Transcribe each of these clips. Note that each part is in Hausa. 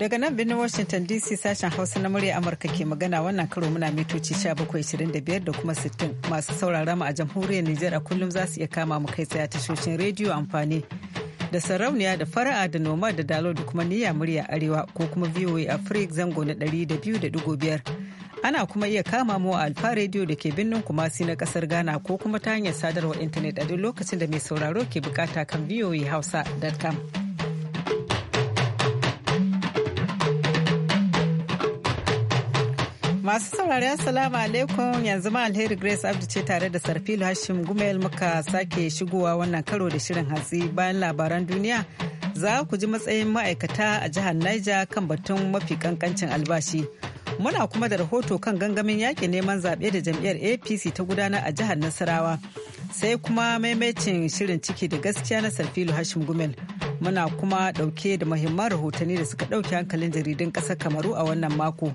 Daga nan birnin Washington DC sashen Hausa na murya Amurka ke magana wannan karo muna mitoci 1725 da kuma 60 masu sauraron mu a jamhuriyar Nijar a kullum za su iya kama mu kai tsaye tashoshin rediyo amfani da sarauniya da fara'a da noma da dalo da kuma niyya murya arewa ko kuma VOA Africa zango na 200.5 ana kuma iya kama mu a alfa rediyo da ke birnin kumasi na kasar Ghana ko kuma ta hanyar sadarwar intanet a duk lokacin da mai sauraro ke bukata kan voahausa.com. Masu saurari Assalamu alaikum yanzu ma alheri Grace Abdu ce tare da Sarfilu Hashim Gumel muka sake shigowa wannan karo da shirin hatsi bayan labaran duniya za ku ji matsayin ma'aikata a jihar Niger kan batun mafi kankancin albashi. Muna kuma da rahoto kan gangamin yaƙi neman zaɓe da jam'iyyar APC ta gudanar a jihar Nasarawa. Sai kuma maimacin shirin ciki da gaskiya na Sarfilu Hashim Gumel. Muna kuma ɗauke da muhimman rahotanni da suka ɗauki hankalin jaridun ƙasar Kamaru a wannan mako.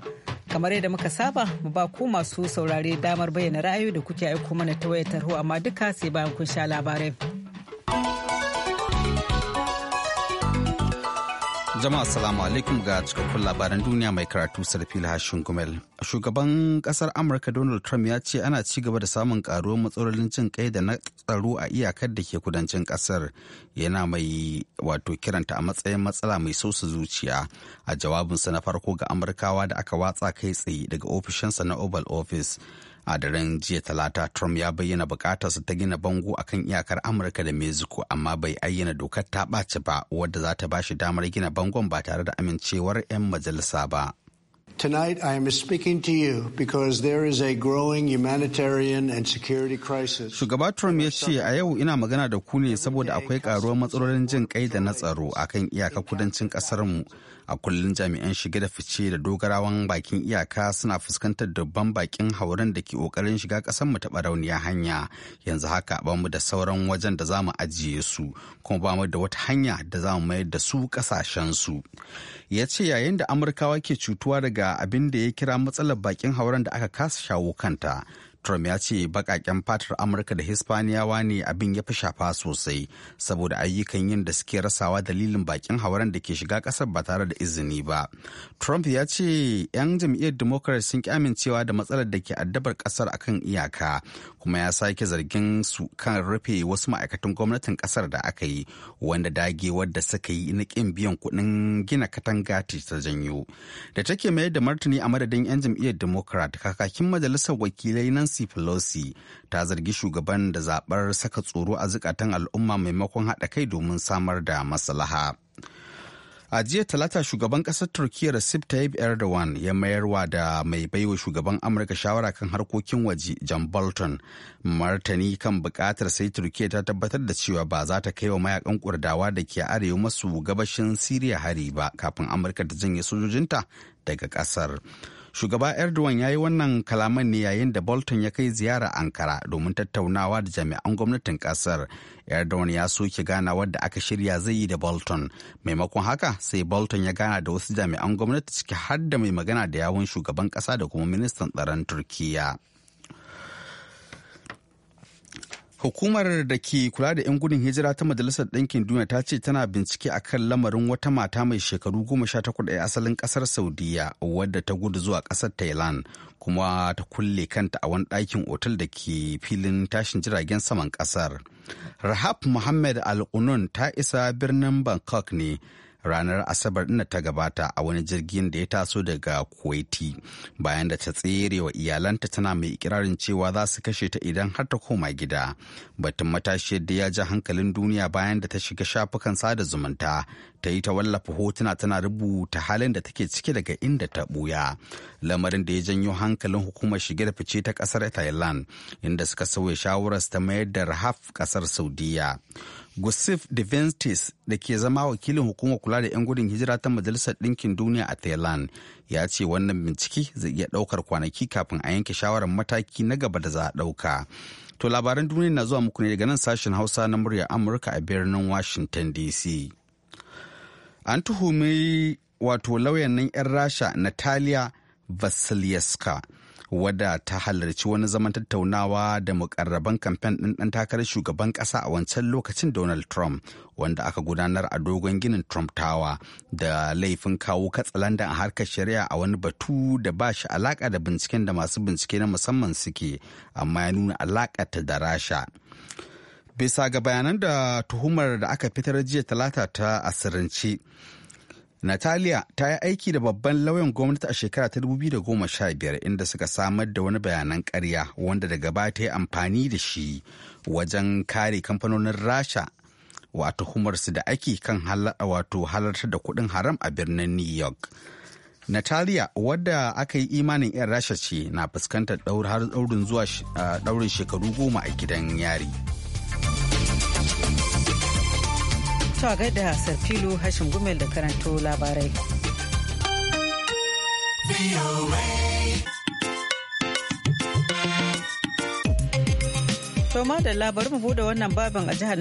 kamar yadda muka saba mu ba ku masu saurare damar bayyana ra'ayoyi da kuke aiko mana ta wayar tarho amma duka sai bayan kun sha labarai Jama'a salamu alaikum ga cikakkun labaran duniya mai karatu sarfil hashin gumel. Shugaban kasar Amurka Donald Trump ya ce ana ci gaba da samun karuwar matsalolin cin kai da na tsaro a iyakar da ke kudancin kasar yana mai wato kiranta a matsayin matsala mai sosa zuciya a jawabinsa na farko ga Amurkawa da aka watsa kai tsaye daga ofishinsa na Oval Office. a daren jiya talata trump ya bayyana bukatarsa ta gina bango akan iyakar amurka da mexico amma bai ayyana dokar ta ɓaci ba wadda za ta bashi damar gina bangon ba tare da amincewar 'yan majalisa ba Tonight, I am speaking to you a growing humanitarian and security crisis. Shugaba Trump ya ce a yau ina magana da ku ne saboda akwai karuwar matsalolin jin kai da na tsaro akan iyaka kudancin mu a kullum jami'an shige da fice da dogarawan bakin iyaka suna fuskantar dubban bakin hauren da ke kokarin shiga kasan mu ta barauniya hanya yanzu haka ba mu da sauran wajen da za mu ajiye su kuma ba mu da wata hanya da za mu mayar da su kasashen su ya ce yayin da amurkawa ke cutuwa daga abin da ya kira matsalar bakin hauren da aka kasa shawo kanta Trump ya ce baƙaƙen fatar Amurka da Hispaniyawa ne abin ya fi shafa sosai saboda ayyukan yin da suke rasawa dalilin bakin hawaran da ke shiga kasar ba tare da izini ba. Trump ya ce 'yan jam'iyyar Democrat sun ki amincewa da matsalar da ke addabar kasar akan iyaka kuma ya sake zargin su kan rufe wasu ma'aikatan gwamnatin kasar da aka yi wanda dagewar da suka yi na kin biyan kuɗin gina katanga ta janyo. Da take mayar da martani a madadin 'yan jam'iyyar Democrat kakakin majalisar wakilai nan Nancy Pelosi ta zargi shugaban da zaɓar saka tsoro a zukatan al'umma maimakon haɗa kai domin samar da maslaha. A jiya talata shugaban ƙasar Turkiyya Recep Tayyip Erdogan ya mayarwa da mai baiwa shugaban Amurka shawara kan harkokin waje John Bolton martani kan bukatar sai Turkiyya ta tabbatar da cewa ba za ta kai wa mayakan kurdawa da ke arewa masu gabashin Siriya hari ba kafin Amurka ta janye sojojinta daga ƙasar. Shugaba Erdogan ya yi wannan kalaman ne yayin da Bolton ya kai ziyara Ankara domin tattaunawa da jami'an gwamnatin kasar. Erdogan ya soke gana wadda aka shirya zai yi da Bolton. Maimakon haka sai Bolton ya gana da wasu jami'an gwamnati ciki har da mai magana da yawun shugaban kasa da kuma ministan tsaron Turkiyya. Hukumar da ke kula da 'yan gudun hijira ta Majalisar Ɗinkin Duniya ta ce tana bincike a kan lamarin wata mata mai shekaru goma sha takwas a asalin ƙasar Saudiya wadda ta gudu zuwa ƙasar Thailand kuma ta kulle kanta a wani ɗakin otal da ke filin tashin jiragen saman ƙasar. Rahab Muhammad al ta isa birnin Bangkok ne ranar asabar ɗin ta gabata a wani jirgin da ya taso daga kuwaiti bayan da ta tsere wa iyalanta tana mai ikirarin cewa za su kashe ta idan har ta koma gida batun matashiyar da ya ji hankalin duniya bayan da ta shiga shafukan sada zumunta ta yi ta wallafa hotuna tana rubuta halin da take ciki daga inda ta buya lamarin da ya janyo hankalin hukumar shige da fice ta kasar thailand inda suka sauya shawararsu ta mayar da rahaf kasar saudiya Gusif Deventis da ke zama wakilin hukumar kula da 'yan gudun hijira ta Majalisar Ɗinkin Duniya a Thailand ya ce wannan bincike zai iya ɗaukar kwanaki kafin a yanke shawarar mataki na gaba da za a ɗauka. To labaran duniya na zuwa muku ne daga nan sashen Hausa na murya Amurka a birnin Washington DC. An tuhumi wato lauyan nan 'yan Rasha Natalia Vasilyevska. wadda ta halarci wani zaman tattaunawa da mukarraban kamfen ɗin ɗan takarar shugaban ƙasa a wancan lokacin Donald Trump wanda aka gudanar a dogon ginin Trump Tower da laifin kawo katsalandan a harkar shari'a a wani batu da ba shi alaƙa da binciken da masu bincike na musamman suke amma ya nuna alaƙa ta da rasha. Bisa ga bayanan da tuhumar da aka fitar jiya talata ta asirance Natalia ta yi aiki da babban lauyan gwamnati a shekara ta 2015 inda suka samar da wani bayanan karya wanda daga baya ta yi amfani da shi wajen kare kamfanonin Rasha wato humarsu da ake kan wato halartar da kuɗin haram a birnin New York. Natalia wadda aka yi imanin 'yan Rasha ce na fuskantar daurin zuwa daurin shekaru goma a gidan yari. To ga da Sarfilu Hashin Gumel da karanto labarai. To da bari mu bude wannan babin a jihar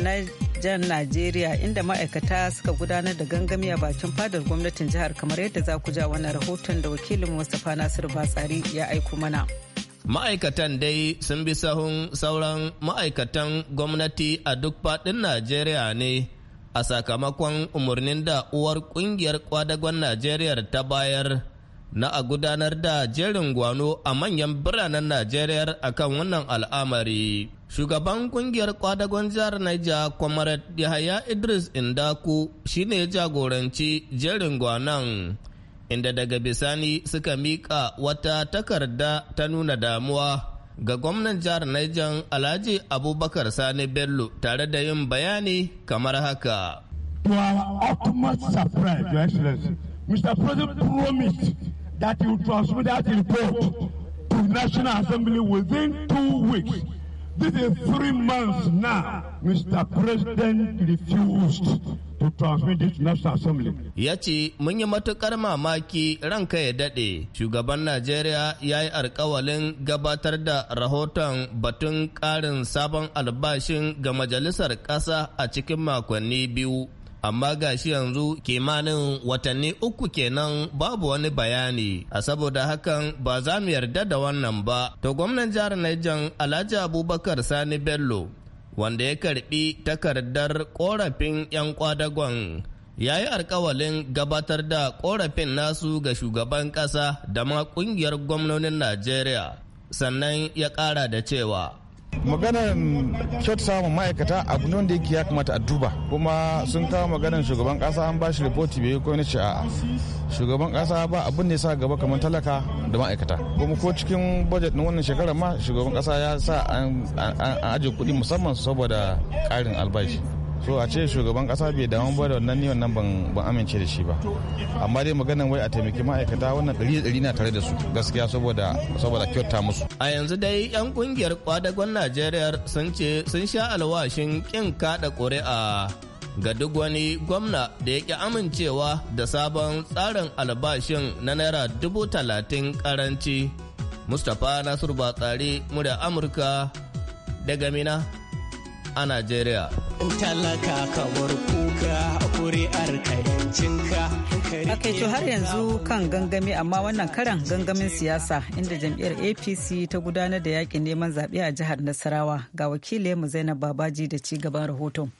jan Najeriya inda ma'aikata suka gudanar da gangami a bakin fadar gwamnatin jihar kamar yadda za ku ja wani rahoton da wakilin Mustapha Nasiru Batsari ya aiko mana. Ma'aikatan dai sun bi sahun sauran ma'aikatan gwamnati a duk faɗin Najeriya ne a sakamakon umarnin da uwar kungiyar kwadagon Najeriya ta bayar na a gudanar da jerin gwano a manyan biranen Najeriya akan wannan al'amari. Shugaban kungiyar kwadagon jihar Niger, Comrade Yahaya Idris Indaku shine jagoranci jerin gwanon. Inda daga bisani suka miƙa wata takarda ta nuna damuwa ga gwamnan jihar Niger Alhaji Abubakar Sani Bello tare da yin bayani kamar haka. To our utmost surprise, Your Excellency, Mr. President promised that he would transmit that report to National Assembly within two weeks. This is three months now, Mr. President refused to transmit this National Assembly. Ya ce, mun yi matuƙar mamaki ranka ya daɗe. Shugaban Najeriya ya yi alkawalin gabatar da rahoton batun ƙarin sabon albashin ga majalisar ƙasa a cikin makonni biyu. amma ga shi yanzu kimanin watanni uku kenan babu wani bayani a saboda hakan ba za mu yarda da wannan ba to gwamnan jihar Niger Alhaji Abubakar Sani Bello wanda ya karbi takardar korafin 'yan kwadagon ya yi alkawalin gabatar da korafin nasu ga shugaban kasa da ma ƙungiyar gwamnonin Najeriya sannan ya kara da cewa maganar kyautu samun ma'aikata abu ne wanda yake ya kamata a duba kuma sun kawo maganar shugaban kasa an ba shi ripoti bai ko ce a'a shugaban kasa ba abin ne sa gaba kamar talaka da ma'aikata kuma ko cikin budget na wannan shekarar ma shugaban kasa ya sa an aje kuɗi musamman saboda ƙarin albashi so a ce shugaban kasa bai damu ba da wannan ni wannan ban amince da shi ba amma dai maganan wai a taimaki ma'aikata wannan ɗari ɗari na tare da su gaskiya saboda saboda kyauta musu a yanzu dai yan kungiyar kwadagon najeriya sun ce sun sha alwashin kin kada ƙuri'a ga duk wani gwamna da ya ki amincewa da sabon tsarin albashin na naira dubu talatin karanci mustapha nasiru batsari murya amurka daga mina a najeriya talaka ka bar kuka kuri'ar Ok, to har yanzu kan gangami amma wannan karan gangamin siyasa inda jam'iyyar APC ta gudanar da yakin neman zaɓe a jihar Nasarawa ga mu Zainab Babaji da ci gaban rahoton.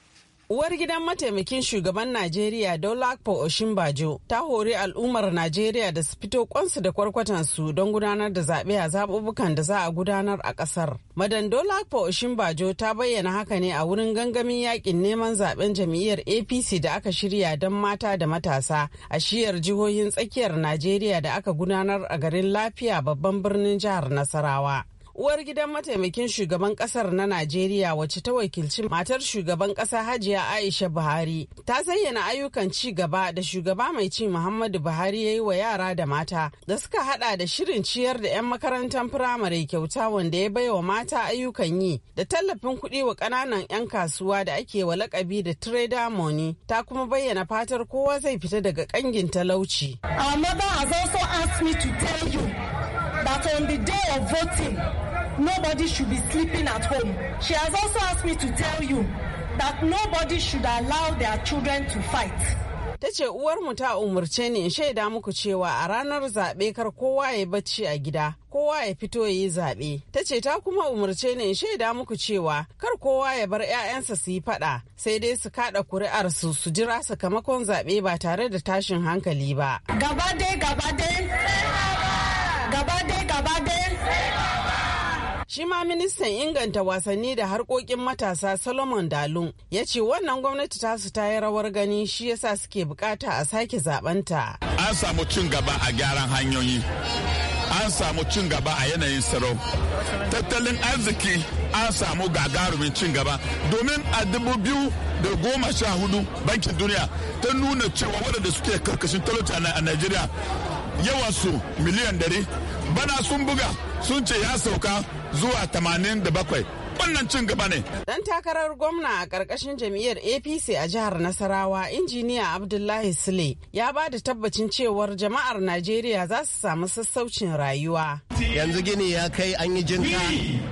Uwar gidan mataimakin shugaban Najeriya Dolapo Oshimbajo ta hori al'ummar Najeriya da su fito kwansu da kwarkwatansu don gudanar da zaɓe a zaɓuɓɓukan da za a gudanar a ƙasar. Madan Dolapo Oshimbajo ta bayyana haka ne a wurin gangamin yaƙin neman zaɓen jam'iyyar APC da aka shirya don mata da matasa a shiyar jihohin tsakiyar Najeriya da aka gudanar a garin Lafiya babban birnin jihar Nasarawa. uwar gidan mataimakin shugaban kasar na najeriya wacce ta wakilci matar shugaban kasa hajiya aisha buhari ta zayyana ayyukan ci gaba da shugaba mai ci muhammadu buhari ya yi wa yara da mata da suka hada da shirin ciyar da 'yan makarantar firamare kyauta wanda ya baiwa mata ayyukan yi da tallafin kuɗi wa ƙananan 'yan kasuwa da ake wa lakabi da trader money ta kuma bayyana fatar kowa zai fita daga ƙangin talauci. Our mother has also asked me to tell you that on the day of voting nobody should be sleeping at home. She has also asked me to tell you that nobody should allow their children to fight. ta ce uwarmu ta umarce ni in shaida muku cewa a ranar zaɓe kar kowa ya bacci a gida kowa ya fito ya yi zaɓe ta ce ta kuma umarce ni in shaida muku cewa kar kowa ya bar 'ya'yansa su yi faɗa sai dai su kaɗa kuri'arsu su jira sakamakon zaɓe ba tare da tashin hankali ba gaba dai gaba dai Shi ma ministan inganta wasanni da harkokin matasa Solomon Dalun ya ce wannan gwamnati ta ta yi rawar gani shi yasa suke bukata a sake zabanta. An samu cin gaba a gyaran hanyoyi. An samu cin gaba a yanayin tsaro. Tattalin arziki an samu gagarumin cin gaba domin a dubu biyu da goma sha hudu bankin duniya ta nuna cewa waɗanda suke karkashin talauta a Najeriya su miliyan dari bana sun buga sun ce ya sauka zuwa 87 wannan cin gaba ne. Dan takarar gwamna a ƙarƙashin jam'iyyar APC a jihar Nasarawa, injiniya Abdullahi Sule ya ba da tabbacin cewar jama'ar Najeriya za su samu sassaucin rayuwa. Yanzu gini ya kai an yi jinka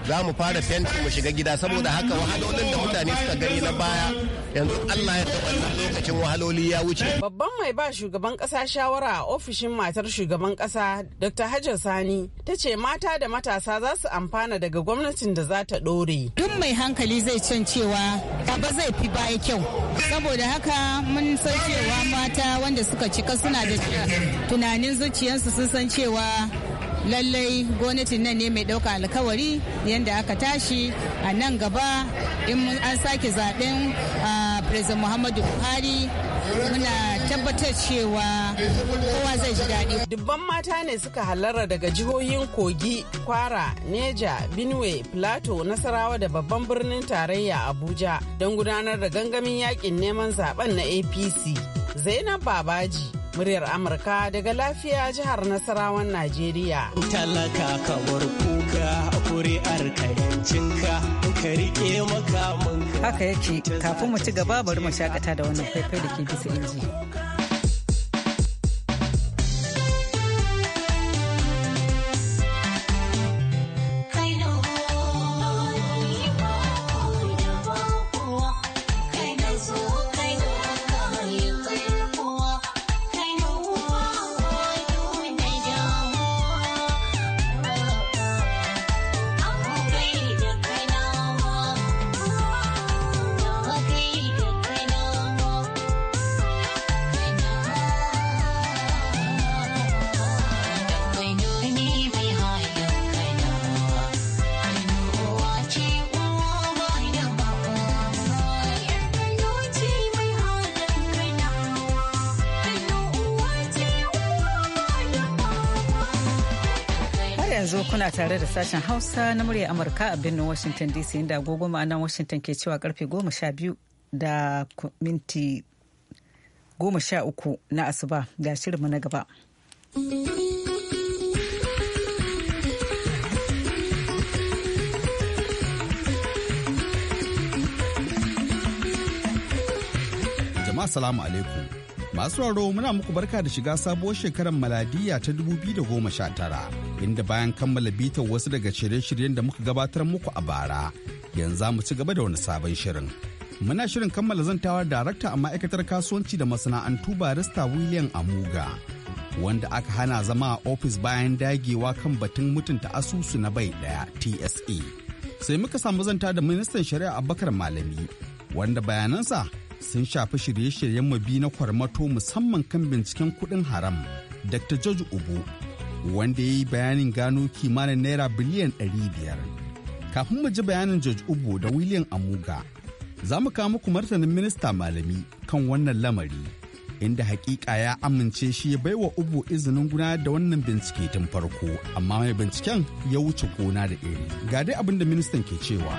za mu fara fenti mu shiga gida saboda haka wahalolin da mutane suka gani na baya yanzu Allah ya taɓa lokacin wahaloli ya wuce. Babban mai ba shugaban ƙasa shawara a ofishin matar shugaban ƙasa Dr. Hajar Sani ta ce mata da matasa za su amfana daga gwamnatin da za ta ɗore. zai duk mai hankali zai can cewa ba zai fi baya kyau saboda haka mun san cewa mata wanda suka cika suna da tunanin zuciyarsu sun san cewa lallai gwamnatin nan ne mai ɗauka alkawari yadda aka tashi a nan gaba in an sake zaɓen ah, president muhammadu buhari muna tabbatar cewa kowa zai ji daɗi. Dubban mata ne suka halarra daga jihohin Kogi, Kwara, Neja, Benue, Plateau, Nasarawa da babban birnin tarayya Abuja don gudanar da gangamin yakin neman zaben na APC. Zainab Babaji, muryar Amurka daga lafiya jihar Nasarawan Najeriya. Talaka ka kuri'ar ka ka rike makamanka haka yake kafin mu ci gaba bari mu shakata da wannan faifai da ke bisa inji Kuna tare da sashen Hausa na murya Amurka a birnin Washington DC inda agogo ma'anan Washington ke cewa karfe 12 da minti 13 na asuba ga shirinmu na gaba. Jama'a salamu alaikum. Masu raro muna muku barka da shiga sabuwar shekarar maladiya ta 2019. inda bayan kammala bitar wasu daga shirye-shiryen da muka gabatar muku a bara yanzu za mu ci gaba da wani sabon shirin. Muna shirin kammala zantawa darakta a ma'aikatar kasuwanci da masana'antu barista William Amuga wanda aka hana zama a ofis bayan dagewa kan batun mutunta asusu na bai daya TSA. E. Sai muka samu zanta da ministan shari'a Abubakar Malami wanda bayanansa sun shafi shirye-shiryen mabi na kwarmato musamman kan binciken kuɗin haram. Dr. George Ubu wanda ya yi bayanin gano kimanin naira biliyan 500 kafin mu ji bayanin george ubo da william amuga za mu kawo muku martanin minista malami kan wannan lamari inda hakika ya amince shi ya baiwa ubu izinin gudanar da wannan bincike tun farko amma mai binciken ya wuce gona da iri ga dai abin da ministan ke cewa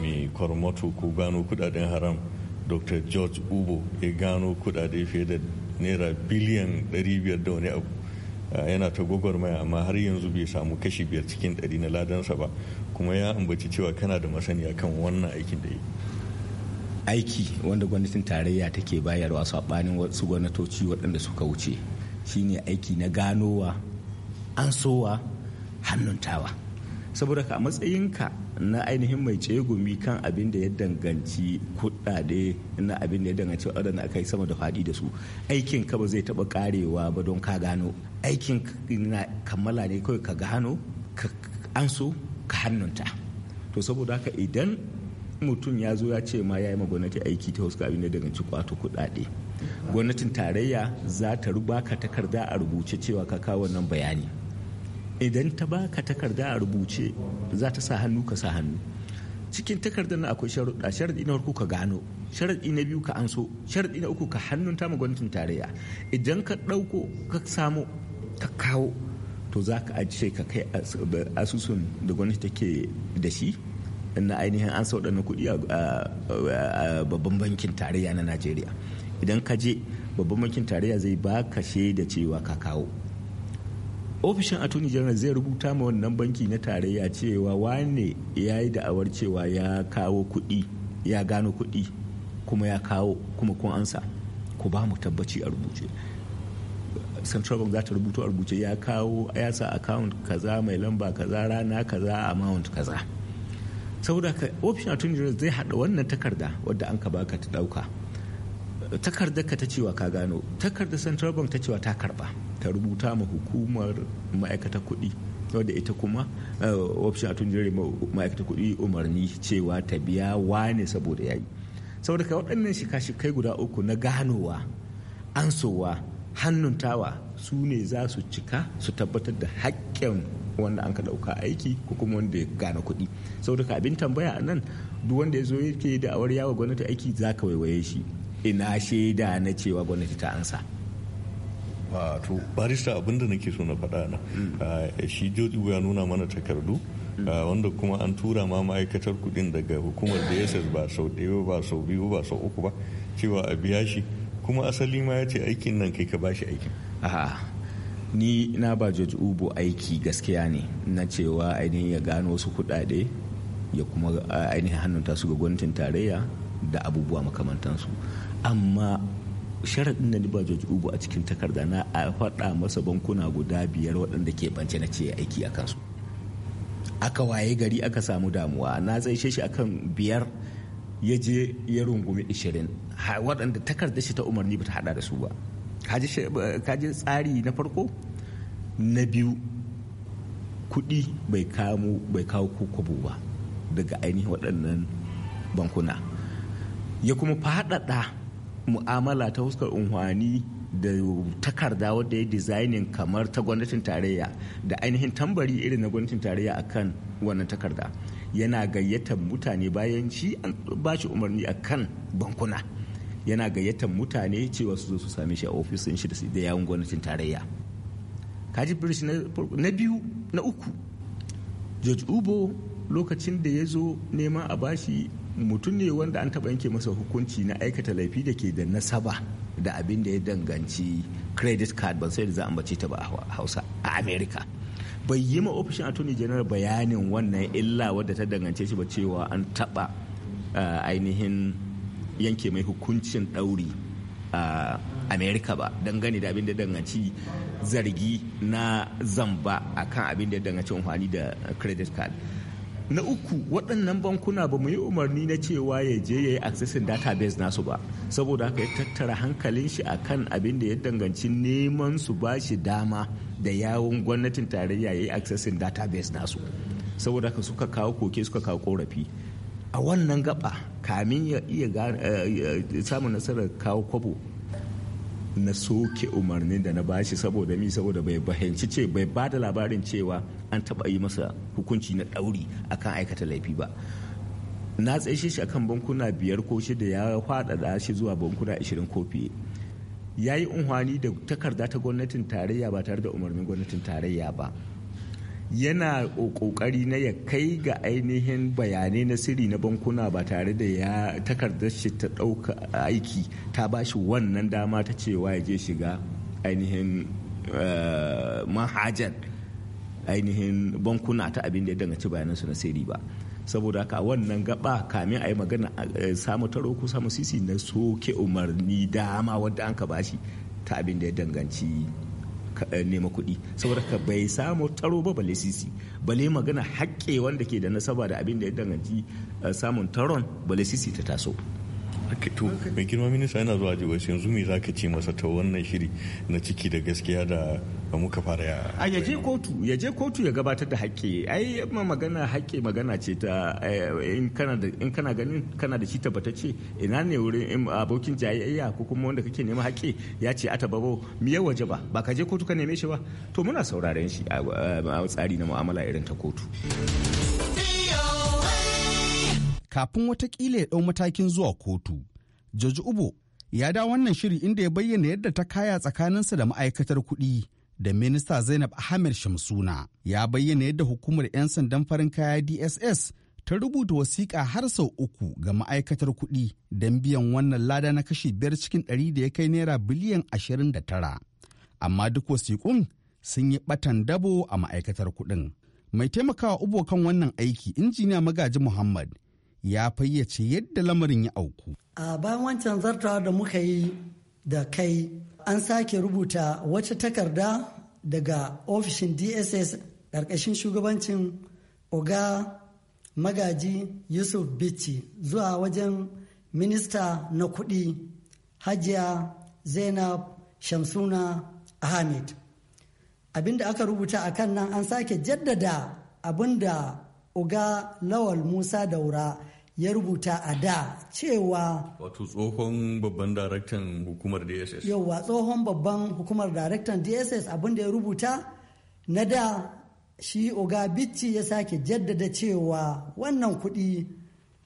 mai kwarmato ko gano kudaden haram dr george ubo ya gano kudade fiye da naira biliyan 500 da wani abu ah, yana ta gwagwarmaya amma har yanzu bai samu kashi biyar cikin ɗari na ladansa ba kuma ya ambaci cewa kana da masaniya kan wannan aikin da yi aiki wanda gwamnatin tarayya take bayarwa saɓanin wasu gwamnatoci waɗanda suka wuce shine aiki na ganowa an sowa hannuntawa saboda ka matsayinka na ainihin mai tsegumi kan abin da ya danganci kuɗaɗe na abin da ya danganci wadanda aka yi sama da faɗi da su aikin ka ba zai taba karewa ba don ka gano aikin na kammala ne kawai ka gano ka an so ka hannunta to saboda haka idan mutum ya zo ya ce ma ya yi ma gwamnati aiki ta wasu abin da danganci kwato kuɗaɗe gwamnatin tarayya za ta rubaka takarda a rubuce cewa ka kawo wannan bayani idan ta baka takarda a rubuce za ta sa hannu ka sa hannu cikin takardar na akwai sharuɗa sharaɗi na farko ka gano sharaɗi na biyu ka anso sharaɗi na uku ka hannun ta gwamnatin tarayya idan ka ɗauko ka samu ka kawo to za ka ajiye ka kai asusun da gwamnati take da shi na ainihin an sauɗa na kuɗi a babban bankin tarayya na najeriya idan ka je babban bankin tarayya zai ba baka shaida cewa ka kawo ofishin attorney general zai rubuta ma wannan banki na tarayya cewa wane ya yi da'awar cewa ya kawo kuɗi ya gano kuɗi kuma ya kawo kuma kun ansa ku ba mu tabbaci a rubuce central bank za ta rubuto a rubuce ya kawo ya sa account kaza mai lamba kaza rana kaza amount kaza saboda ka ofishin attorney general zai hada wannan takarda wadda an ka baka ta dauka takardar ka ta cewa ka gano takardar central bank ta cewa ta karba ta rubuta ma hukumar ma'aikata kuɗi wadda ita kuma eh, option a tunjere ma'aikata kuɗi umarni cewa ta biya wane saboda yayi saboda ka waɗannan shika-shikai guda uku na ganowa ansowa hannuntawa su ne za su cika su tabbatar da haƙƙin wanda an ka ɗauka aiki ko kuma wanda ya gane kuɗi saboda ka abin tambaya a nan duk wanda ya zo yake da awar yawa gwamnati aiki za ka waiwaye shi ina shaida na cewa gwamnati ta ansa to barista abinda nake so na faɗa na mm. shi jodi ya nuna mana takardu mm. wanda kuma an tura ma ma'aikatar kudin daga hukumar dss ba sau ɗaya ba sau biyu ba sau uku ba cewa a biya shi kuma asali ma ya ce aikin nan kai ka bashi aikin ni na ba George ubu aiki gaskiya ne na cewa ainihin ya gano wasu kuɗaɗe ya kuma ainihin hannunta su ga gwamnatin tarayya da abubuwa makamantansu amma sharaɗin na ba George Ugo a cikin takarda na a faɗa masa bankuna guda biyar waɗanda ke bance na ce aiki a kansu aka waye gari aka samu damuwa na tsaishe shi akan biyar ya je ya rungumi ishirin waɗanda takarda shi ta umarni ba ta haɗa da su ba kaji tsari na farko na biyu kuɗi bai kamo bai kawo kokobo ba daga ainihin waɗannan bankuna ya kuma faɗaɗa mu'amala ta huskar unhwani da takarda wadda ya dizainin kamar ta gwamnatin tarayya da ainihin tambari irin na gwamnatin tarayya akan wannan takarda yana gayyatar mutane bayan shi an ba shi umarni akan bankuna yana gayyatar mutane cewa su zo su same shi a ofisin shi da yawon gwamnatin tarayya kaji british na biyu na uku george ubo lokacin da ya zo neman a bashi mutum ne wanda an taba yanke masa hukunci na aikata laifi da ke da nasaba da abin da ya danganci credit card ban sai da za a ambace ta ba a hausa a america bai yi ma ofishin attorney general bayanin wannan illa wadda ta dangance shi ba cewa an taba eh, ainihin yanke mai hukuncin ɗauri a america ba dangane da abin da danganci zargi na zamba akan abin da ya danganci amfani da credit card na uku waɗannan bankuna ba mu yi umarni na cewa ya je ya yi accessing database nasu ba saboda haka ya tattara hankalin shi akan abin da ya danganci neman su ba shi dama da yawon gwamnatin tarayya ya yi accessing database nasu saboda haka suka kawo koke suka kawo korafi a wannan gaba kamin ya iya eh, samun nasarar kawo kwabo na soke umarnin da na bashi saboda mi saboda bai fahimci ce bai ba da labarin cewa an taba yi masa hukunci na ɗauri akan aikata laifi ba na tsaye shi akan bankuna biyar ko shida ya faɗaɗa shi zuwa bankuna ashirin ko fiye ya yi unhwani da takarda ta gwamnatin tarayya ba tare da umarnin gwamnatin tarayya ba yana kokari na ya kai ga ainihin bayanai na sirri na bankuna ba tare da ya takardar shi ta ɗauka aiki ta ba shi wannan dama ta cewa ya je shiga ainihin eh, manhajar ainihin bankuna ta abin da ya danganci bayanansu na sirri ba saboda haka wannan gaba kamin a yi magana eh, samu taro ko samu sisi na soke umarni dama wadda an ka bashi ta abin da ya danganci Eh, nema kuɗi saboda ka bai samu taro ba bale sisi bale magana haƙƙe wanda ke da nasaba da abin da ya danganci eh, samun taron bale sisi ta taso to mai girma minista yana zuwa jihohi yanzu mai zaka ce masa ta wannan shiri na ciki da gaskiya da muka fara ya a yaje kotu yaje kotu ya gabatar da haƙƙi ai ma magana haƙƙi magana ce ta eh, in kana da in kana ganin kana da shi tabbatacce ina ne wurin abokin jayayya ko kuma wanda kake nema haƙƙi ya ce ata babo me ya waje ba ba ka je kotu ka neme shi ba to muna sauraren shi a tsari na mu'amala irin ta kotu. kafin watakila ya ɗau matakin zuwa kotu. Joji Ubo ya da wannan shiri inda ya bayyana yadda ta kaya tsakaninsa da ma'aikatar kuɗi da minista Zainab Ahmed Shamsuna. Ya bayyana yadda hukumar 'yan sandan farin kaya DSS ta rubuta wasiƙa har sau uku ga ma'aikatar kuɗi don biyan wannan lada na kashi biyar cikin ɗari da ya kai naira biliyan ashirin da tara. Amma duk wasiƙun sun yi ɓatan dabo a ma'aikatar kuɗin. Mai taimakawa ubo kan wannan aiki injiniya magaji Muhammad ya fayyace yadda lamarin ya auku. A bayan wancan zartawa da muka yi da kai an sake rubuta wata takarda daga ofishin DSS ƙarƙashin shugabancin Oga Magaji Yusuf Bichi zuwa wajen minista na kuɗi Hajiya Zainab Shamsuna Ahmed. da aka rubuta a kan nan an sake jaddada abin da Oga Lawal Musa Daura ya rubuta a da cewa wato tsohon babban daraktan hukumar dss yauwa tsohon babban hukumar daraktan dss abinda ya rubuta na da shi oga bicci ya sake jaddada cewa wannan kuɗi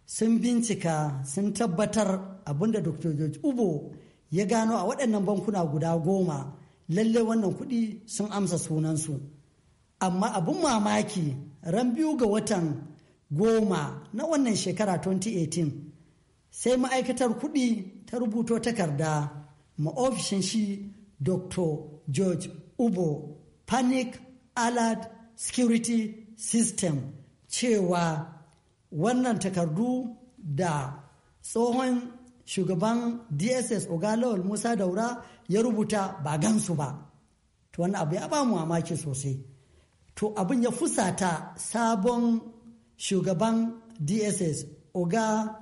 sun bincika sun tabbatar abinda dr george ubo ya gano a waɗannan bankuna guda goma lalle wannan kuɗi sun amsa sunansu amma abin mamaki ran biyu ga watan goma na wannan shekara 2018 sai ma'aikatar kuɗi ta rubuto takarda ma ofishin shi dr george ubo panic alert security system cewa wannan takardu da tsohon shugaban dss ogalawal musa daura ya rubuta ba gansu ba to wani abu ya ba mu mamaki sosai to abin ya fusata sabon shugaban dss oga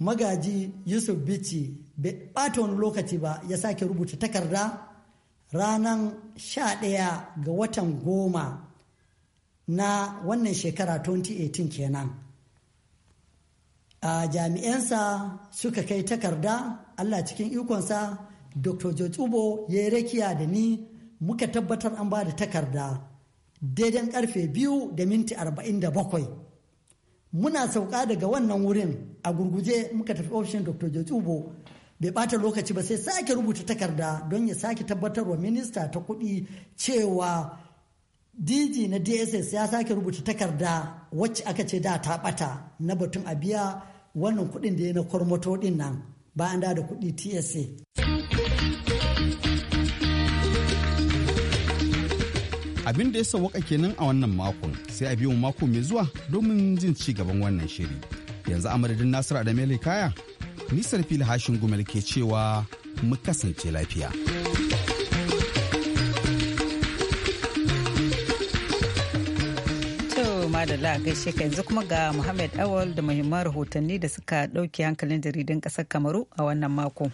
magaji yusuf bici bai ɓata wani lokaci ba ya sake rubuta takarda ranar 11 ga watan goma na wannan shekara 2018 kenan a jami'ansa suka kai takarda allah cikin ikonsa dr jotubo ya yi rakiya da ni muka tabbatar an ba da takarda daidan karfe biyu da minti arba'in da bakwai muna sauka daga wannan wurin a gurguje muka tafi ofishin dr jotubo bai bata lokaci ba sai sake rubuta takarda don ya sake tabbatarwa minista ta kudi cewa dg na dss ya sake rubuta takarda wacce aka ce da ta bata na batun a biya wannan kuɗin da ya na kwarmato ɗin nan an da kuɗi tsa Abin da ya sauwaka kenan a wannan makon sai a biyo mako mai zuwa domin jin ci gaban wannan shiri. Yanzu a madadin Nasiru Adamele Kaya, Nisar Fili Hashin Gumel ke cewa mu kasance lafiya. madalla gaishe ka yanzu kuma ga Muhammad Awal da muhimman rahotanni da suka ɗauki hankalin jaridan ƙasar Kamaru a wannan mako.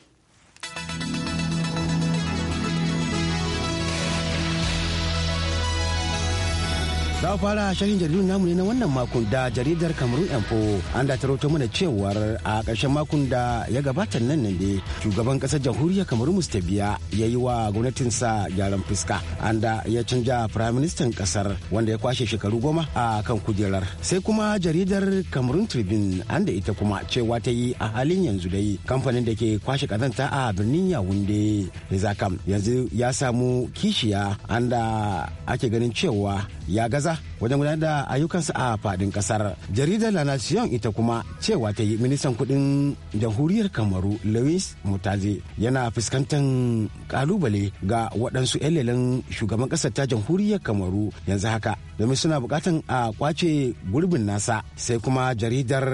za a fara shirin jaridun namu ne na wannan makon da jaridar Cameroon Info an da tarauta mana cewar a ƙarshen makon da ya gabata nan ne ne shugaban ƙasar jamhuriyar Cameroon Mustabiya ya yi wa gwamnatinsa gyaran fuska an da ya canja firayim ministan ƙasar wanda ya kwashe shekaru goma a kan kujerar sai kuma jaridar Cameroon Tribune an da ita kuma cewa ta yi a halin yanzu dai kamfanin da ke kwashe kazanta a birnin Yawunde Rizakam yanzu ya samu kishiya an da ake ganin cewa ya gaza wajen gudanar da ayyukansa a fadin kasar jaridar la nation ita kuma cewa ta yi ministan kudin jamhuriyar kamaru louis mutaze yana fuskantar kalubale ga waɗansu 'yan shugaban ƙasar ta jamhuriyar kamaru yanzu haka domin suna buƙatan a kwace gurbin nasa sai kuma jaridar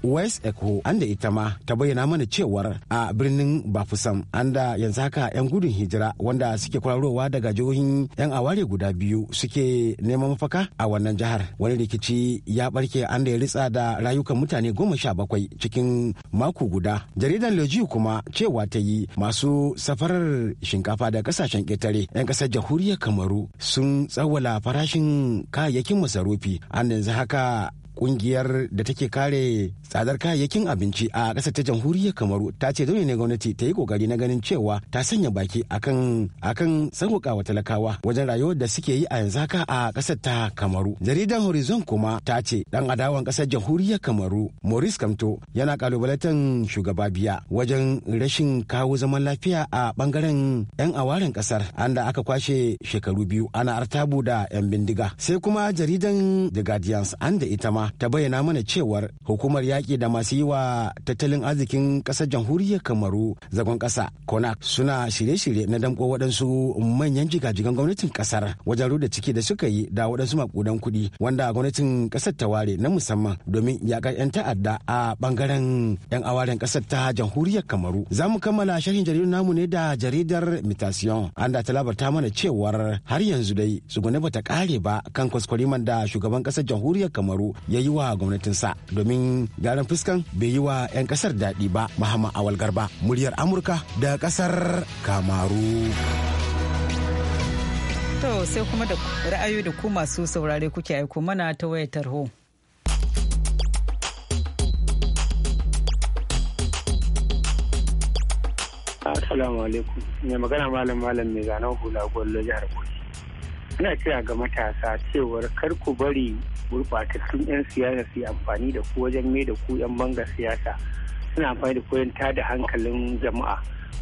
west echo anda ita ma ta bayyana mana cewar a birnin bafusam anda yanzu haka 'yan gudun hijira wanda suke kwararowa daga jihohin 'yan aware guda biyu suke neman mafaka a wannan jihar wani rikici ya barke an da ya ritsa da rayukan mutane goma sha bakwai cikin mako guda jaridar leji kuma cewa ta yi masu safarar shinkafa da kasashen ƙetare 'yan ƙasar jamhuriyar kamaru sun tsawala farashin kayayyakin masarufi an yanzu haka kungiyar da take kare tsadar kayayyakin abinci a ƙasar ta jamhuriyar kamaru ta ce dole ne gwamnati ta yi kokari na ganin cewa ta sanya baki akan akan talakawa wajen rayuwar da suke yi a yanzu haka a ƙasar ta kamaru jaridan horizon kuma ta ce dan adawan ƙasar jamhuriyar kamaru maurice kamto yana kalubalatan shugaba biya wajen rashin kawo zaman lafiya a bangaren yan awaren ƙasar anda aka kwashe shekaru biyu ana artabu da yan bindiga sai kuma jaridan the guardians an da ita ma ta bayyana mana cewar hukumar yaƙi da masu yi wa tattalin arzikin ƙasar jamhuriyar kamaru zagon ƙasa kona suna shirye-shirye na damƙo waɗansu manyan jigajigan gwamnatin ƙasar wajen ruda ciki da suka yi da waɗansu maƙudan kuɗi wanda gwamnatin ƙasar ta ware na musamman domin yaƙar 'yan ta'adda a ɓangaren 'yan awaren ƙasar ta jamhuriyar kamaru za mu kammala sharhin jaridar namu ne da jaridar mitasiyon an da ta mana cewar har yanzu dai tsugune bata ƙare ba kan kwaskwariman da shugaban ƙasar jamhuriyar kamaru ya yi wa sa domin gyaran fuskan bai yi wa 'yan kasar daɗi ba mahama awal garba muryar amurka da kasar kamaru to sai kuma da ra'ayoyi da ku masu saurare kuke aiko mana ta wayar tarho Assalamu alaikum. Mai magana malam malam mai zanen hula gwallo jihar Bauchi. Ina kira ga matasa cewar kar ku bari gurbatattun 'yan siyasa su amfani da ku wajen mai da ku 'yan banga siyasa suna amfani da koyon tada hankalin jama'a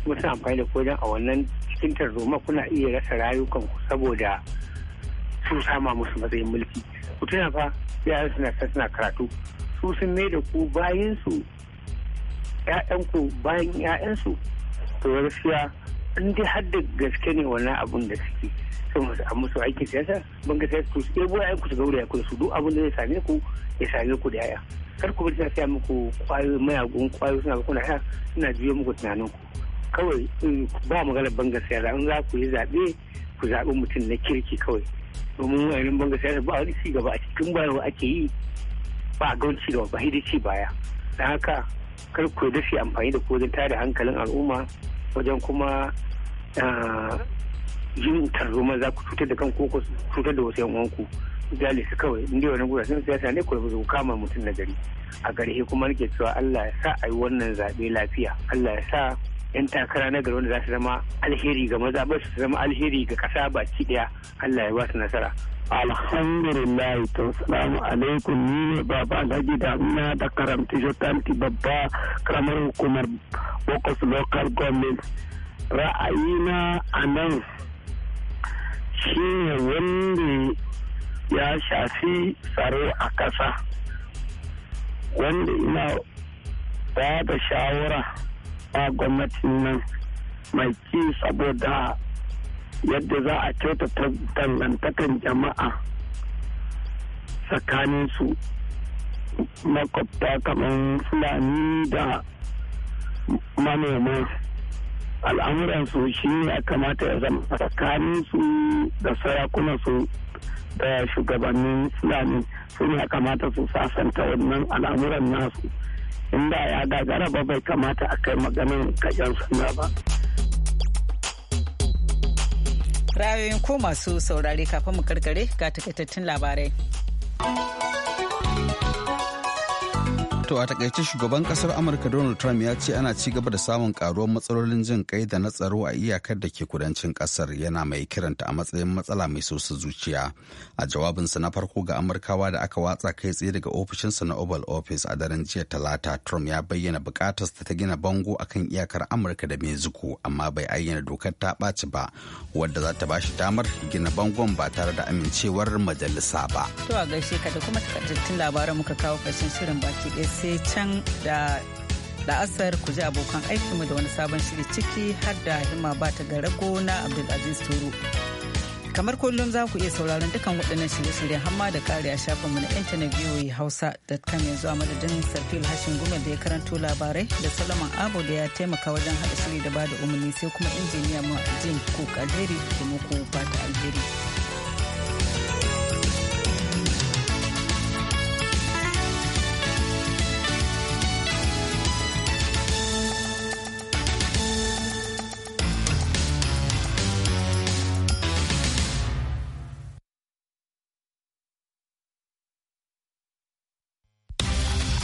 kuma suna amfani da koyon a wannan cikin tarzoma kuna iya rasa rayukanku saboda su sama musu matsayin mulki ku tuna fa yaran suna ta suna karatu su sun mai da ku bayan su ku bayan ƴaƴansu to gaskiya in dai har da gaske ne wannan abun da suke saboda an musu aikin siyasa ban ga sai ku ɗebo ya ku gaura ku da su duk abin da zai same ku ya same ku da yaya kar ku bari sai muku kwayoyi mayagun kwayoyi suna kuna ya suna juyo muku tunanin ku kawai eh, ba magana bangar siyasa in za ku yi zabe ku zaɓi mutum na kirki kawai domin wayannan bangar siyasa ba wani ci gaba a cikin bayarwa ake yi ba gauci wani ci gaba ba hidi baya dan haka kar ku da shi amfani da ko wajen tada hankalin al'umma wajen kuma ah, yin tarzoma za ku cutar da kanku ko cutar da wasu yan uwanku misali su kawai in wani gura sun siyasa ne kuma su kama mutum na gari a gari kuma nake cewa Allah ya sa a yi wannan zaɓe lafiya Allah ya sa yan takara na gari wanda za su zama alheri ga maza ba su zama alheri ga ƙasa baki ɗaya Allah ya ba su nasara alhamdulillah to salamu alaikum ni ne baba alhaji na da karamta jotanti babba karamar hukumar bokos local government ra'ayina a nan shine wanda ya shafi tsaro a ƙasa wanda ina ba da shawara a gwamnatin nan mai ki saboda yadda za a kyautata dangantakan jama'a tsakanin su makwabta kamar fulani da manoma al'amuran su shi ne ya kamata ya zama tsakanin su da sarakunan su da shugabannin fulani su ne ya kamata su sasanta wannan al'amuran nasu inda ya gagara ba bai kamata a kai maganin kayan suna ba rayoyin ko masu saurari kafin mu karkare ga takaitattun labarai To a takaice shugaban kasar Amurka Donald Trump ya ce ana ci gaba da samun karuwar matsalolin jin kai da na tsaro a iyakar da ke kudancin kasar yana mai kiranta a matsayin matsala mai sosa zuciya. A jawabinsa na farko ga Amurkawa da aka watsa kai tsaye daga ofishinsa na Oval Office a daren jiya Talata, Trump ya bayyana bukatar ta gina bango akan iyakar Amurka da Mexico amma bai ayyana dokar ta ɓaci ba wadda za ta bashi damar gina bangon ba tare da amincewar majalisa ba. To a gaishe ka da kuma takaitattun labaran muka kawo fashin shirin baki ɗaya sai can da la'asar ku ji abokan aikinmu da wani sabon shiri ciki har da hima ba ta rago na abdulaziz turu kamar kullum za ku iya sauraron dukkan waɗannan shirye-shiryen hamma da ƙari a shafinmu na intanet voa hausa.com yanzu zuwa madadin sarfil hashin gumel da ya karanto labarai da salaman abu da ya taimaka wajen haɗa shiri da ba da umarni sai kuma injiniya mu jin ko alheri da muku fata alheri